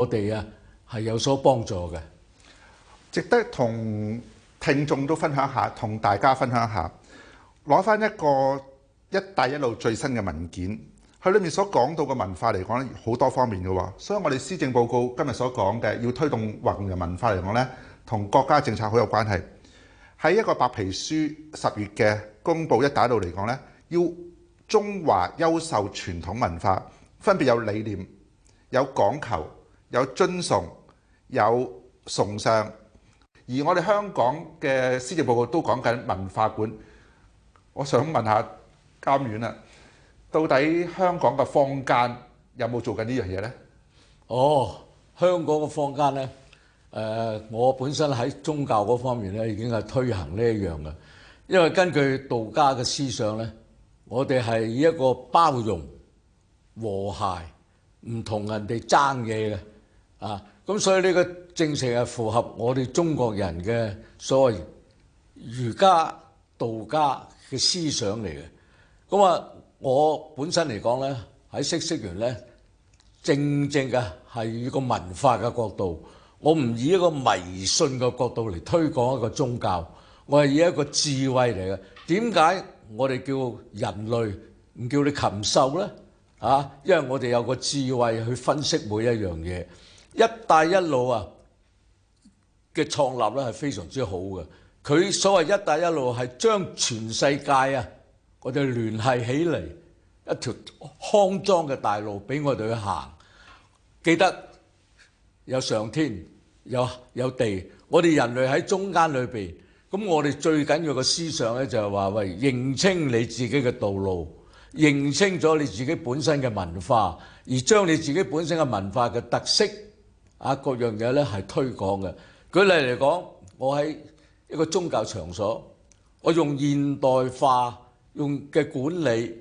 我哋啊，係有所幫助嘅，值得同聽眾都分享下，同大家分享下，攞翻一個一帶一路最新嘅文件，佢裏面所講到嘅文化嚟講咧，好多方面嘅，所以我哋施政報告今日所講嘅要推動華人文化嚟講咧，同國家政策好有關係。喺一個白皮書十月嘅公布一帶一路嚟講咧，要中華優秀傳統文化分別有理念有講求。有尊崇，有崇尚，而我哋香港嘅施政報告都講緊文化館。我想問下監院啦，到底香港嘅坊間有冇做緊呢樣嘢呢？哦，香港嘅坊間呢，誒，我本身喺宗教嗰方面呢已經係推行呢一樣嘅，因為根據道家嘅思想呢，我哋係一個包容、和諧，唔同人哋爭嘢嘅。啊！咁所以呢個正正係符合我哋中國人嘅所謂儒家、道家嘅思想嚟嘅。咁啊，我本身嚟講呢，喺嗇色園呢，正正嘅係以個文化嘅角度，我唔以一個迷信嘅角度嚟推廣一個宗教，我係以一個智慧嚟嘅。點解我哋叫人類唔叫你禽獸呢？啊！因為我哋有個智慧去分析每一樣嘢。一帶一路啊，嘅創立咧，係非常之好嘅，佢所謂一帶一路係將全世界啊，我哋聯繫起嚟，一條康莊嘅大路俾我哋去行。記得有上天有有地，我哋人類喺中間裏邊，咁我哋最緊要嘅思想咧就係話喂，認清你自己嘅道路，認清咗你自己本身嘅文化，而將你自己本身嘅文化嘅特色。啊，各樣嘢咧係推廣嘅。舉例嚟講，我喺一個宗教場所，我用現代化用嘅管理，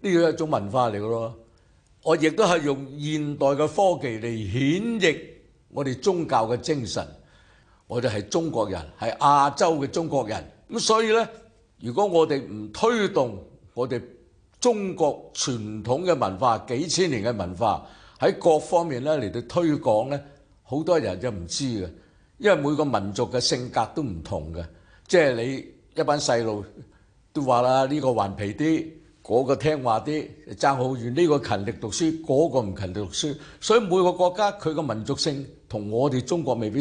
呢個係一種文化嚟嘅咯。我亦都係用現代嘅科技嚟顯現我哋宗教嘅精神。我哋係中國人，係亞洲嘅中國人。咁所以呢，如果我哋唔推動我哋中國傳統嘅文化，幾千年嘅文化喺各方面咧嚟到推廣呢。好多人就唔知嘅，因為每個民族嘅性格都唔同嘅，即係你一班細路都話啦，呢個頑皮啲，嗰個聽話啲，爭好遠，呢個勤力讀書，嗰個唔勤力讀書，所以每個國家佢嘅民族性同我哋中國未必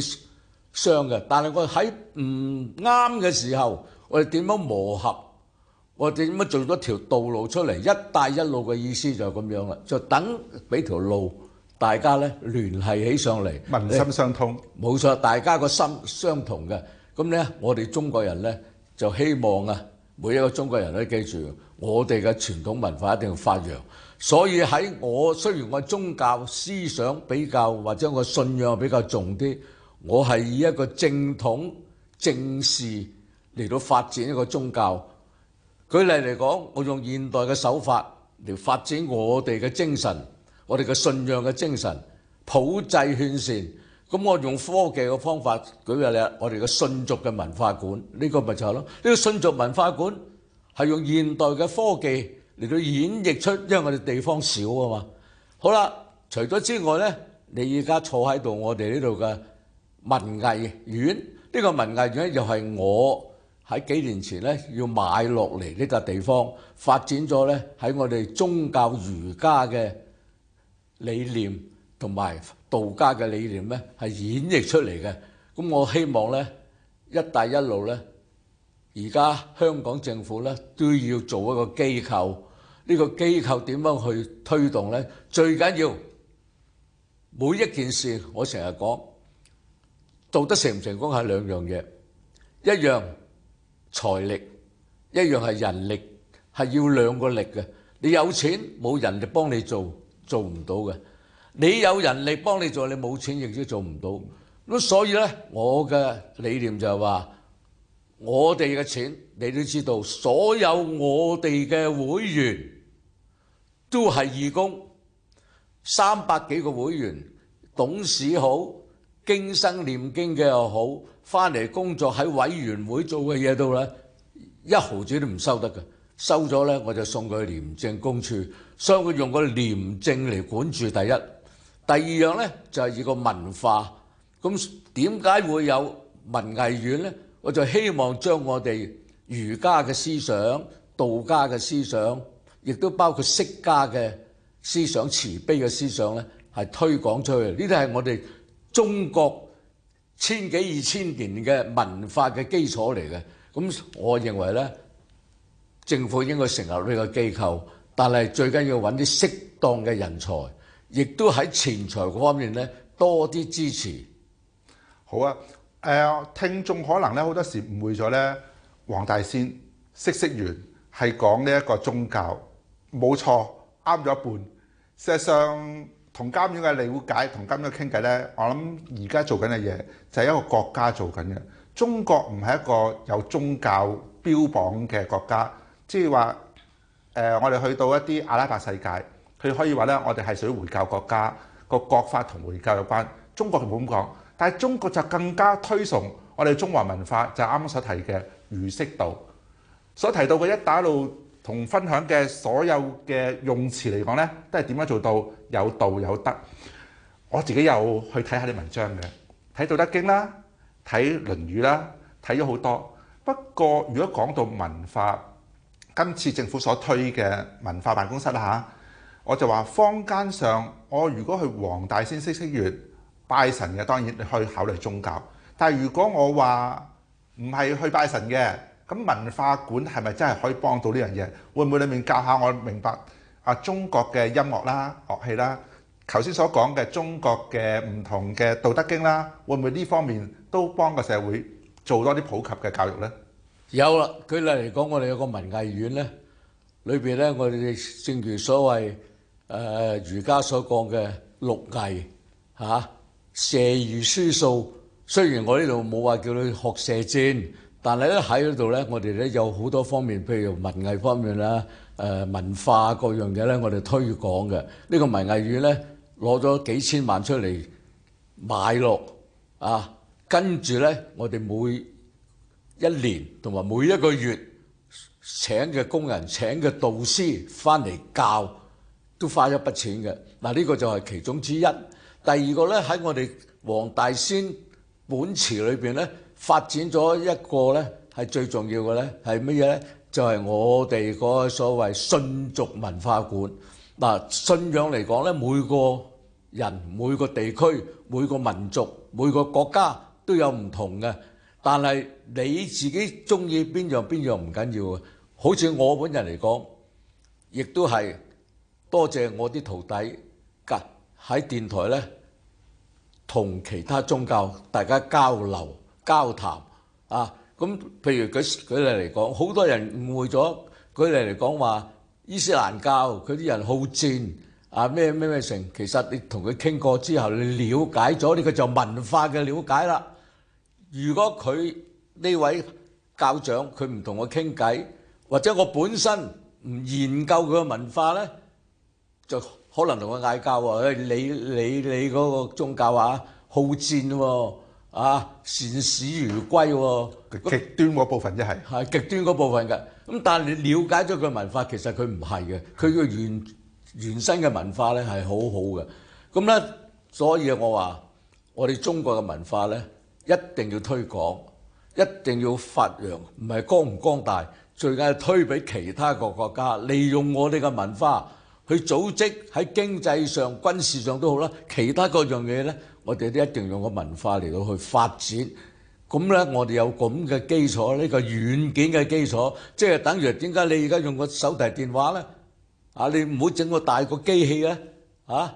相嘅。但係我喺唔啱嘅時候，我哋點樣磨合，我哋點樣做咗條道路出嚟？一帶一路嘅意思就係咁樣啦，就等俾條路。大家咧聯繫起上嚟，民心相通。冇錯，大家個心相同嘅。咁呢，我哋中國人呢，就希望啊，每一個中國人都記住，我哋嘅傳統文化一定要發揚。所以喺我雖然我宗教思想比較或者我信仰比較重啲，我係以一個正統正視嚟到發展一個宗教。舉例嚟講，我用現代嘅手法嚟發展我哋嘅精神。我哋嘅信仰嘅精神普濟勸善。咁我用科技嘅方法舉個例，我哋嘅信俗嘅文化館呢個咪就係咯。呢個信俗文化館係用現代嘅科技嚟到演繹出，因為我哋地方少啊嘛。好啦，除咗之外呢，你而家坐喺度，我哋呢度嘅文藝院，呢個文藝院又係我喺幾年前呢要買落嚟呢個地方發展咗呢，喺我哋宗教儒家嘅。理念同埋道家嘅理念呢，係演繹出嚟嘅。咁我希望呢，一帶一路呢，而家香港政府呢，都要做一個機構，呢個機構點樣去推動呢？最緊要每一件事，我成日講做得成唔成功係兩樣嘢，一樣財力，一樣係人力，係要兩個力嘅。你有錢冇人力幫你做。做唔到嘅，你有人力幫你做，你冇錢亦都做唔到。咁所以呢，我嘅理念就係話，我哋嘅錢你都知道，所有我哋嘅會員都係義工，三百幾個會員，董事好，經生念經嘅又好，返嚟工作喺委員會做嘅嘢都咧一毫子都唔收得嘅。收咗呢，我就送佢去廉政公署，所以佢用個廉政嚟，管住第一。第二樣呢，就係、是、以個文化，咁點解會有文藝院呢？我就希望將我哋儒家嘅思想、道家嘅思想，亦都包括釋家嘅思想、慈悲嘅思想呢，係推廣出去的。呢啲係我哋中國千幾二千年嘅文化嘅基礎嚟嘅。咁我認為呢。政府應該成立呢個機構，但係最緊要揾啲適當嘅人才，亦都喺錢財嗰方面咧多啲支持。好啊，誒、呃，聽眾可能咧好多時誤會咗呢，黃大仙嗇色園係講呢一個宗教，冇錯，啱咗一半。事實上跟的解，同監院嘅理解，同監院傾偈呢，我諗而家做緊嘅嘢就係一個國家做緊嘅。中國唔係一個有宗教標榜嘅國家。即係話誒，我哋去到一啲阿拉伯世界，佢可以話咧，我哋係屬於回教國家，個國法同回教有關。中國冇咁講，但係中國就更加推崇我哋中華文化，就係啱啱所提嘅儒釋道。所提到嘅一帶一路同分享嘅所有嘅用詞嚟講咧，都係點樣做到有道有德？我自己有去睇下啲文章嘅，睇《道德經》啦，睇《論語》啦，睇咗好多。不過如果講到文化，今次政府所推嘅文化辦公室啦吓，我就話坊間上，我如果去黃大仙嗇色園拜神嘅，當然你可以考慮宗教。但係如果我話唔係去拜神嘅，咁文化館係咪真係可以幫到呢樣嘢？會唔會裡面教下我明白啊中國嘅音樂啦、樂器啦，頭先所講嘅中國嘅唔同嘅道德經啦，會唔會呢方面都幫個社會做多啲普及嘅教育呢？有啦，舉例嚟講，我哋有個文藝院咧，裏面咧，我哋正如所謂誒儒家所講嘅六藝嚇，射、啊、御、書、數。雖然我呢度冇話叫你學射箭，但係咧，喺嗰度咧，我哋咧有好多方面，譬如文藝方面啦、誒、呃、文化各樣嘢咧，我哋推廣嘅。呢、呢個文藝院咧，攞咗幾千萬出嚟買落啊，跟住咧，我哋每一年同埋每一個月請嘅工人、請嘅導師翻嚟教都花一筆錢嘅。嗱，呢個就係其中之一。第二個呢，喺我哋黃大仙本祠裏邊呢，發展咗一個呢，係最重要嘅呢係乜嘢呢？就係我哋個所謂信俗文化館。嗱，信仰嚟講呢，每個人、每個地區、每個民族、每個國家都有唔同嘅，但係，你自己中意邊樣邊樣唔緊要，好似我本人嚟講，亦都係多謝我啲徒弟，喺電台呢同其他宗教大家交流交談啊。咁譬如舉舉例嚟講，好多人誤會咗舉例嚟講話伊斯蘭教，佢啲人好戰啊咩咩咩成。其實你同佢傾過之後，你瞭解咗，呢個就文化嘅瞭解啦。如果佢呢位教長，佢唔同我傾偈，或者我本身唔研究佢嘅文化呢，就可能同我嗌交啊！你你你嗰個宗教啊，好戰喎啊，視死如歸極端嗰部分即係係極端嗰部分㗎。咁但係你了解咗佢文化，其實佢唔係嘅，佢個原原生嘅文化呢係好好嘅。咁呢，所以我話我哋中國嘅文化呢，一定要推廣。一定要發揚，唔係光唔光大，最緊要推俾其他個國家，利用我哋嘅文化去組織喺經濟上、軍事上都好啦。其他各樣嘢呢，我哋都一定要用個文化嚟到去發展。咁呢，我哋有咁嘅基礎，呢個軟件嘅基礎，即係等於點解你而家用個手提電話呢？啊，你唔好整個大個機器呢啊,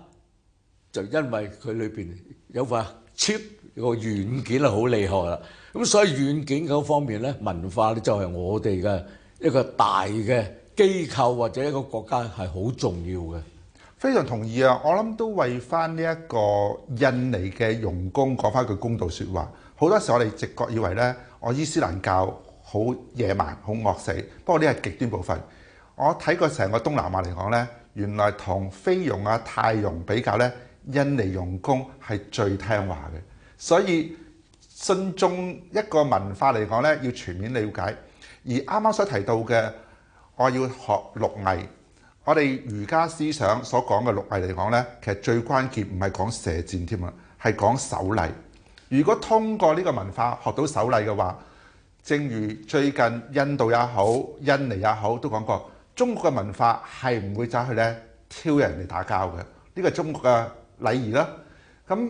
就因為佢裏面有塊 chip 個軟件係好厲害啦，咁所以軟件嗰方面咧，文化咧就係我哋嘅一個大嘅機構或者一個國家係好重要嘅。非常同意啊！我諗都為翻呢一個印尼嘅傭工講翻句公道説話，好多時我哋直覺以為咧，我伊斯蘭教好野蠻、好惡死，不過呢係極端部分。我睇過成個東南亞嚟講咧，原來同菲傭啊、泰傭比較咧，印尼傭工係最聽話嘅。所以，信中一個文化嚟講呢，要全面了解。而啱啱所提到嘅，我要學六藝。我哋儒家思想所講嘅六藝嚟講呢，其實最關鍵唔係講射箭添啊，係講守禮。如果通過呢個文化學到守禮嘅話，正如最近印度也好、印尼也好都講過，中國嘅文化係唔會走去呢挑人哋打交嘅。呢個是中國嘅禮儀啦，咁。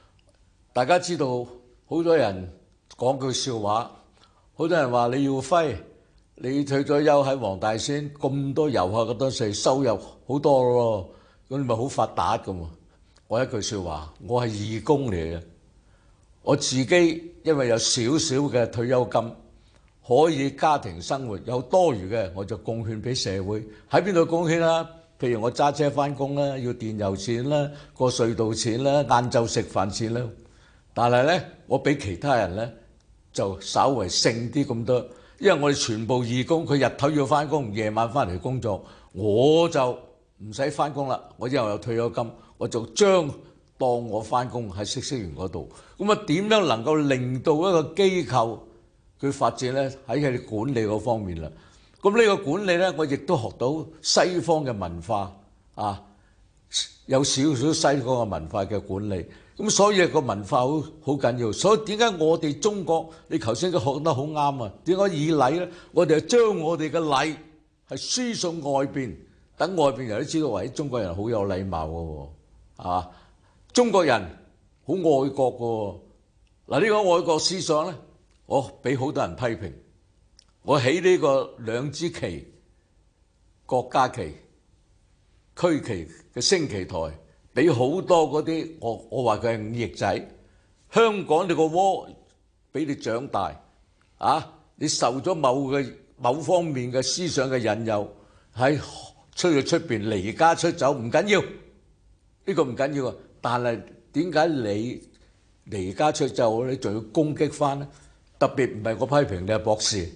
大家知道好多人講句笑話，好多人話李耀輝，你退咗休喺黃大仙咁多遊客咁多事，收入好多咯，咁你咪好發達㗎嘛？我一句說話，我係義工嚟嘅，我自己因為有少少嘅退休金，可以家庭生活有多餘嘅，我就貢獻俾社會。喺邊度貢獻啦？譬如我揸車翻工啦，要電油錢啦，過隧道錢啦，晏晝食飯錢啦。但係咧，我比其他人咧就稍為勝啲咁多，因為我哋全部義工，佢日頭要翻工，夜晚翻嚟工作，我就唔使翻工啦。我之後有退休金，我就將當我翻工喺嗇色園嗰度。咁啊，點樣能夠令到一個機構佢發展咧？喺佢管理嗰方面啦。咁呢個管理咧，我亦都學到西方嘅文化啊，有少少西方嘅文化嘅管理。咁所以個文化好好緊要，所以點解我哋中國？你頭先都講得好啱啊！點解以禮咧？我哋就將我哋嘅禮係輸送外邊，等外邊人都知道話啲中國人好有禮貌嘅喎，係嘛？中國人好愛國嘅喎。嗱，呢個愛國思想咧，我俾好多人批評。我起呢個兩支旗，國家旗、區旗嘅升旗台。俾好多嗰啲我我話佢係五翼仔，香港你個窩俾你長大啊！你受咗某嘅某方面嘅思想嘅引誘，喺出咗出邊離家出走唔緊要，呢個唔緊要啊！但係點解你離家出走咧，你仲要攻擊翻咧？特別唔係我批評你係博士，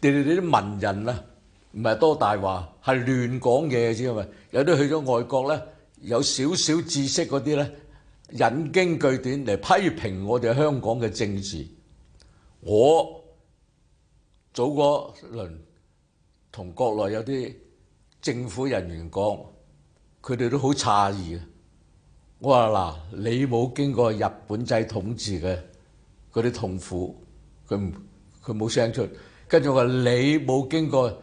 你哋啲文人啊，唔係多大話，係亂講嘢知咪。有啲去咗外國咧。有少少知識嗰啲咧，引經據典嚟批評我哋香港嘅政治。我早嗰輪同國內有啲政府人員講，佢哋都好詫異啊。我話嗱，你冇經過日本仔統治嘅嗰啲痛苦，佢佢冇聲出。跟住我話你冇經過。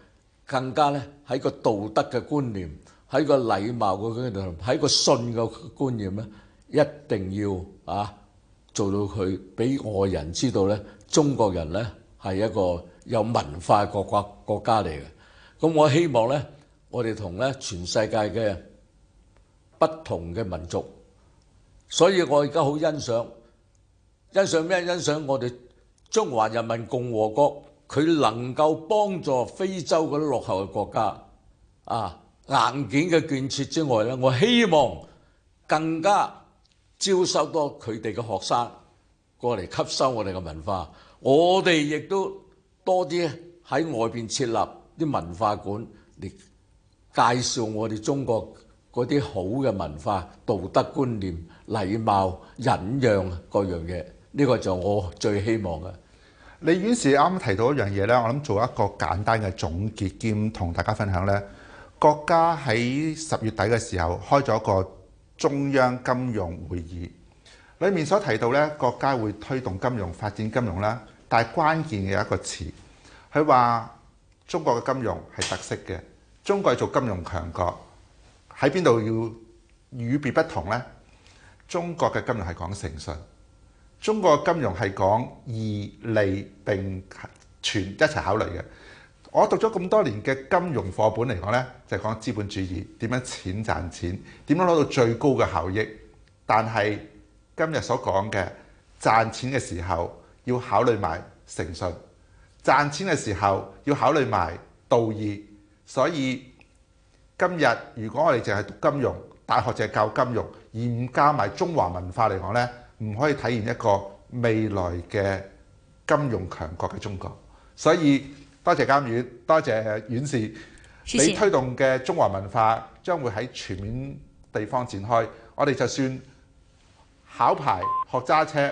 更加咧喺個道德嘅觀念，喺個禮貌嘅觀念，喺個信嘅觀念咧，一定要啊做到佢俾外人知道咧，中國人咧係一個有文化國國國家嚟嘅。咁我希望咧，我哋同咧全世界嘅不同嘅民族，所以我而家好欣賞，欣賞咩？欣賞我哋中華人民共和國。佢能夠幫助非洲嗰啲落後嘅國家啊，硬件嘅建設之外咧，我希望更加招收多佢哋嘅學生過嚟吸收我哋嘅文化，我哋亦都多啲喺外邊設立啲文化館嚟介紹我哋中國嗰啲好嘅文化、道德觀念、禮貌、忍讓各樣嘢。呢個就我最希望嘅。李院士啱啱提到一樣嘢咧，我諗做一個簡單嘅總結兼同大家分享咧。國家喺十月底嘅時候開咗個中央金融會議，裏面所提到咧，國家會推動金融發展金融啦。但係關鍵嘅一個詞，佢話中國嘅金融係特色嘅，中國係做金融強國，喺邊度要與別不同呢？中國嘅金融係講誠信。中國金融係講義利並存一齊考慮嘅。我讀咗咁多年嘅金融課本嚟講呢就係講資本主義點樣錢賺錢，點樣攞到最高嘅效益。但係今日所講嘅賺錢嘅時候要考慮埋誠信，賺錢嘅時候要考慮埋道義。所以今日如果我哋淨係讀金融，大學淨係教金融，而唔加埋中華文化嚟講呢。唔可以體現一個未來嘅金融強國嘅中國，所以多謝監院，多謝院士。你推動嘅中華文化將會喺全面地方展開。我哋就算考牌、學揸車。